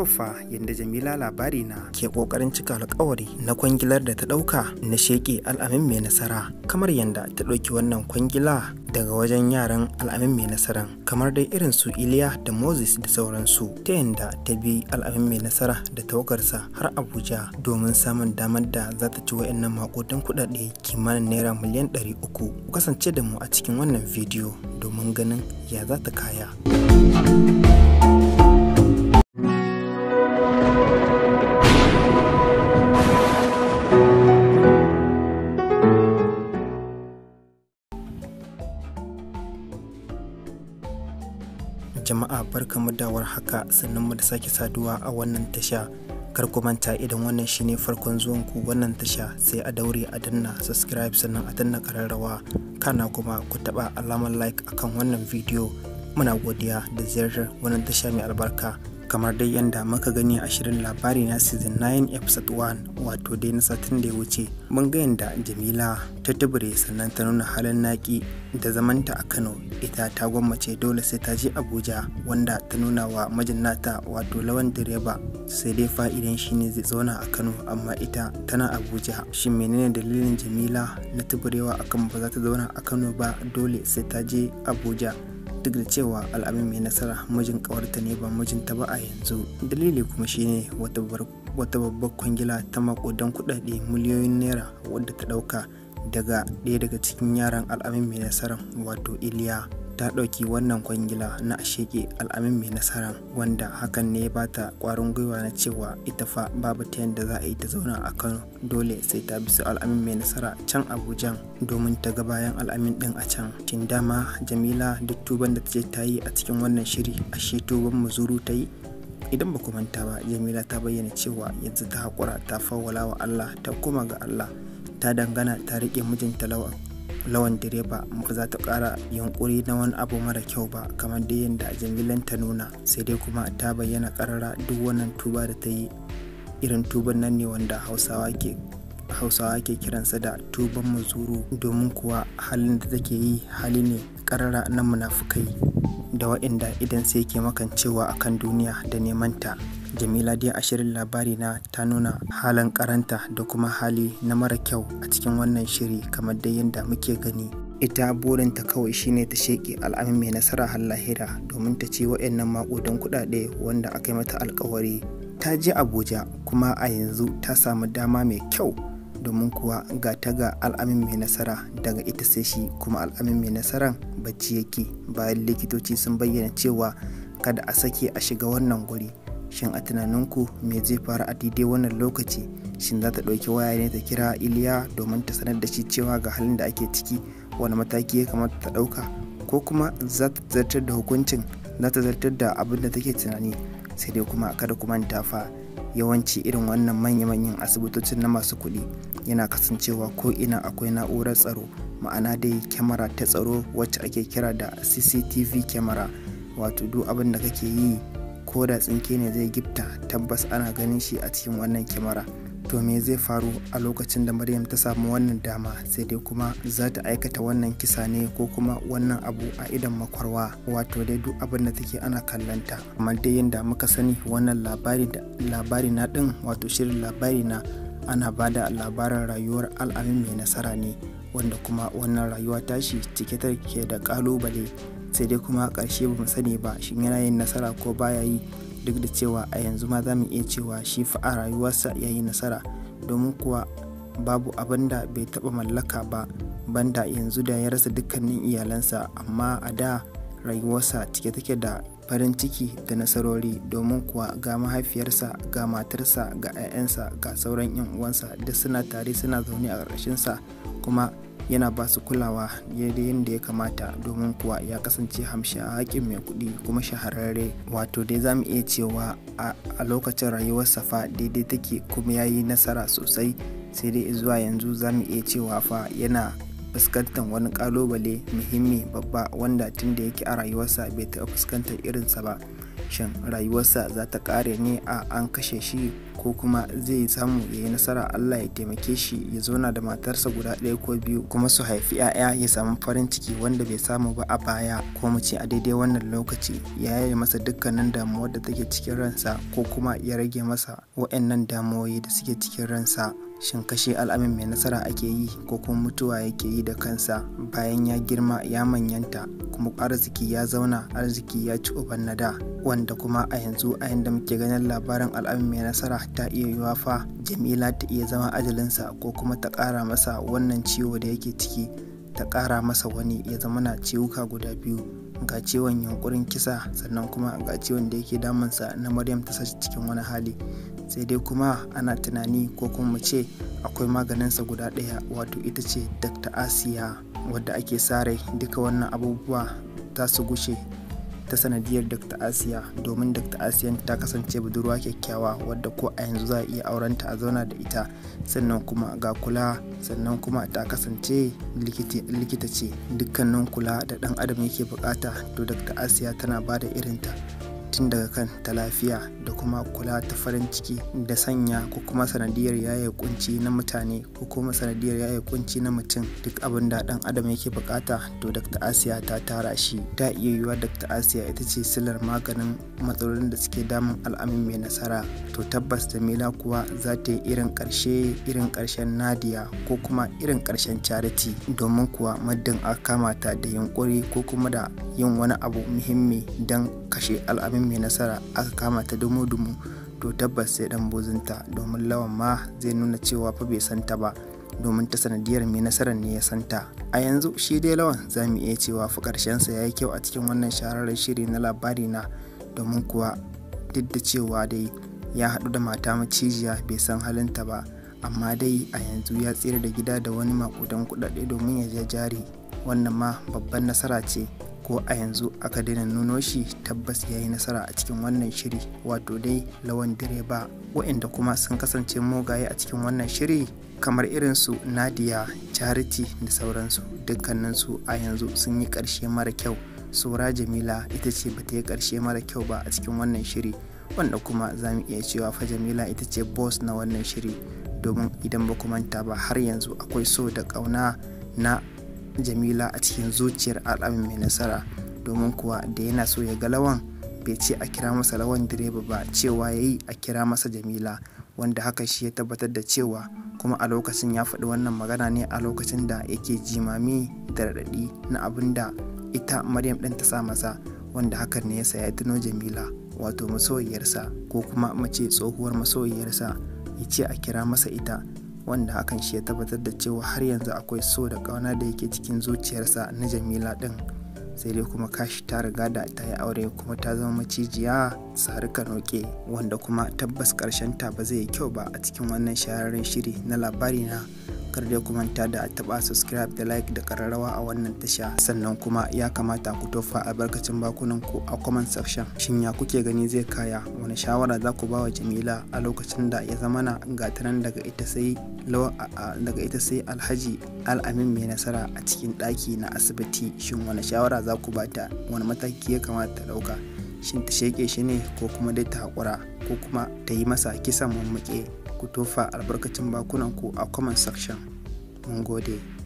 tofa yadda jamila labari na ke kokarin cika alkawari na kwangilar da ta dauka na sheke al'amin mai nasara kamar yadda ta dauki wannan kwangila daga wajen yaran al'amin mai nasaran kamar dai irin su iliya da moses da sauransu ta yadda ta bi al'amin mai nasara da tawagarsa har abuja domin samun damar da za ta ci wa'annan makudan kudade kimanin naira miliyan 300 kasance da mu a cikin wannan bidiyo domin ganin ya za ta kaya. mu da haka sannan mu da sake saduwa a wannan tasha kar ku manta idan wannan shine farkon zuwan ku wannan tasha sai a daure a danna subscribe sannan a danna kararrawa kana kuma ku taba alamar like akan wannan bidiyo muna godiya da ziyarar wannan tasha mai albarka kamar dai yadda muka gani a shirin labari na season 9 episode 1 wato dai na satin da ya wuce mun ga yadda jamila ta tubure sannan ta nuna halin naki da zamanta a kano ita ta gwammace dole sai ta je abuja wanda ta nuna wa majin wato lawan direba sai dai fa'idan shine zai zauna a kano amma ita tana abuja shi menene dalilin jamila na tuburewa akan ba za ta zauna a kano ba dole sai ta je abuja duk da cewa al'amin mai nasara mijin kawarta ne ba mijinta ba a yanzu dalili kuma shine wata babbar kwangila ta makudan kudade miliyoyin naira wadda ta dauka daga ɗaya daga cikin yaran al'amin mai nasara wato iliya ta ɗauki wannan kwangila na sheke al'amin mai nasara wanda hakan ne ba ta ƙwarin gwiwa na cewa ita fa babu ta yadda za a yi ta zauna a kano dole sai ta bi al'amin mai nasara can abuja domin ta ga bayan al'amin ɗin a can tun dama jamila duk tuban da ta je ta yi a cikin wannan shiri a ashe tuban muzuru ta yi idan ba ku manta ba jamila ta bayyana cewa yanzu ta haƙura ta fawwala wa allah ta koma ga allah ta dangana ta riƙe mijinta lawa lawan direba muka za ta kara yunƙuri na wani abu mara kyau ba kamar da yadda jamilan ta nuna sai dai kuma ta bayyana karara duk wannan tuba da ta yi irin tuban nan ne wanda hausawa ke kiransa da tuban mazuru domin kuwa halin da take yi hali ne karara na munafukai da waɗanda idan sai ke makancewa a kan duniya da neman ta, jamila dai a shirin labari na ta nuna halin karanta da kuma hali na mara kyau a cikin wannan shiri kamar dai yadda muke gani ita burinta kawai shine ta sheke al'amin mai nasara har lahira domin ta ce waɗannan maƙudan kuɗaɗe wanda aka yi mata alkawari ta je abuja kuma a yanzu ta samu dama mai kyau domin kuwa ga ta ga al'amin mai nasara daga ita sai shi kuma al'amin mai nasaran bacci yake bayan likitoci sun bayyana cewa kada a sake a shiga wannan guri shin a tunaninku me zai faru a daidai wannan lokaci shin za ta ɗauki waya ne ta kira iliya domin ta sanar da shi cewa ga halin da ake ciki wani mataki ya kamata ta ɗauka ko kuma za ta zartar da hukuncin za ta zartar da abin da take tunani sai dai kuma kada ku manta fa yawanci irin wannan manya-manyan asibitocin na masu kuɗi yana kasancewa ko ina akwai na'urar tsaro ma'ana dai kyamara ta tsaro wacce ake kira da cctv kyamara wato duk abin da kake yi ko da tsinke ne zai gifta tabbas ana ganin shi a cikin wannan kyamara to me zai faru a lokacin da maryam ta samu wannan dama sai dai kuma za ta aikata wannan kisa ne ko kuma wannan abu a idan makwarwa wato dai duk abin da take ana kallanta amma dai yadda muka sani wannan labari da labari na din wato shirin labari na ana ba da labarin rayuwar al'amin mai nasara ne wanda kuma wannan rayuwa tashi cike take da kalubale sai dai kuma ƙarshe bamu sani ba shin yana yin nasara ko baya yi duk da cewa a yanzu ma za mu iya cewa shi fa a rayuwarsa ya yi nasara domin kuwa babu abin da bai taɓa mallaka ba banda yanzu da ya rasa dukkanin iyalansa amma a da rayuwarsa cike take da farin ciki da nasarori domin kuwa ga mahaifiyarsa ga matarsa ga 'ya'yansa ga sauran 'yan uwansa duk suna tare suna zaune a ƙarƙashinsa kuma yana ba su kulawa daidai yadda ya kamata domin kuwa ya kasance a haƙin mai kuɗi kuma shahararre wato dai za mu iya cewa a lokacin rayuwarsa fa daidai take kuma ya yi nasara sosai sai dai zuwa yanzu za mu iya cewa fa yana fuskantar wani ƙalubale muhimmi babba wanda tun da yake a rayuwarsa bai taɓa fuskantar irinsa ba shin rayuwarsa za ta ƙare ne a an kashe shi ko kuma zai samu ya yi nasara Allah ya taimake shi ya zauna da matarsa guda ɗaya ko biyu kuma su haifi 'ya'ya ya samu farin ciki wanda bai samu ba a baya ko mu ce a daidai wannan lokaci ya yaye masa dukkanin damuwar da take cikin ransa ko kuma ya rage masa wa'annan damuwoyi da suke cikin ransa. shin kashe al'amin mai nasara ake yi ko kuma mutuwa yake yi da kansa bayan ya girma ya manyanta kuma arziki ya zauna arziki ya ci uban nada wanda kuma a yanzu a yanda muke ganin labarin al'amin mai nasara ta iya yiwa fa jamila ta iya zama ajalinsa ko kuma ta ƙara masa wannan ciwo da yake ciki ta kara masa wani ya zama na ciwuka guda biyu ga ciwon yunkurin kisa sannan kuma ga ciwon da yake damunsa na maryam ta sashi cikin wani hali sai dai kuma ana tunani ko kuma mu ce akwai maganinsa guda ɗaya wato ita ce dr asiya wadda ake sare duka wannan abubuwa ta su gushe ta sanadiyar dr asiya domin dr asiyan ta kasance budurwa kyakkyawa wadda ko a yanzu za a iya aurenta a zauna da ita sannan kuma ga kula sannan kuma ta kasance likita ce dukkanin kula da dan adam yake bukata to dr asiya tana bada irinta tun daga kan ta lafiya da kuma kula ta farin ciki da sanya ko kuma sanadiyar yaya kunci na mutane ko kuma sanadiyar yaya kunci na mutum duk abin da dan adam yake bukata to dr asiya ta tara shi ta iya yiwuwa dr asiya ita ce silar maganin matsalolin da suke damun al'amin mai nasara to tabbas jamila kuwa za ta yi irin karshe irin karshen nadiya ko kuma irin karshen charity domin kuwa maddin a kama ta da yunkuri ko kuma da yin wani abu muhimmi don kashe al'amin domin mai nasara aka kama ta dumu-dumu to tabbas sai dan bozinta domin lawan ma zai nuna cewa fa bai santa ba domin ta sanadiyar mai nasarar ne ya santa a yanzu shi dai lawan za mu iya cewa fa karshen sa ya yi kyau a cikin wannan shahararren shiri na labari na domin kuwa duk da cewa dai ya hadu da mata macijiya bai san halinta ba amma dai a yanzu ya tsira da gida da wani makudan kuɗaɗe domin ya je jari wannan ma babban nasara ce ko a yanzu aka daina nuno shi tabbas ya yi nasara a cikin wannan shiri wato dai lawan direba wa'inda kuma sun kasance mugaye a cikin wannan shiri kamar irin su nadia charity da sauransu dukkaninsu a yanzu sun yi ƙarshe mara kyau sora jamila ita ce bata yi karshe mara kyau ba a cikin wannan shiri wanda kuma za mu iya cewa fa jamila ita ce boss na wannan shiri domin idan ba manta ba har yanzu akwai so da ƙauna na jamila a cikin zuciyar al'amin mai nasara domin kuwa da yana so ya ga lawan bai ce a kira masa lawan direba ba cewa ya yi a kira masa jamila wanda haka shi ya tabbatar da cewa kuma a lokacin ya faɗi wannan magana ne a lokacin da yake jimami da raɗaɗi na abin da ita maryam ɗin ta sa masa wanda hakan ne yasa ya tuno jamila wato masoyiyarsa ko kuma mace tsohuwar masoyiyarsa ya ce a kira masa ita wanda hakan shi ya tabbatar da cewa har yanzu akwai so da ƙauna da yake cikin zuciyarsa na jamila ɗin sai dai kuma kashi ta riga da ta yi aure kuma ta zama macijiya sarika noke wanda kuma tabbas ƙarshen ta ba zai yi kyau ba a cikin wannan shahararren shiri na labari na kar da ku manta da taba subscribe da like da kararrawa a wannan tasha sannan kuma ya kamata ku tofa albarkacin bakunan ku a comment section shin ya kuke gani zai kaya wani shawara za ku bawa Jamila a lokacin da ya zama na gatanan daga ita sai daga ita sai Alhaji Al'amin mai nasara a cikin ɗaki na asibiti shin wani shawara za ku bata wani mataki ya kamata ta ɗauka shin ta sheke shi ne ko kuma dai ta haƙura ko kuma ta yi masa kisan mammuke ku tofa albarkacin bakunan ku a comment section mun gode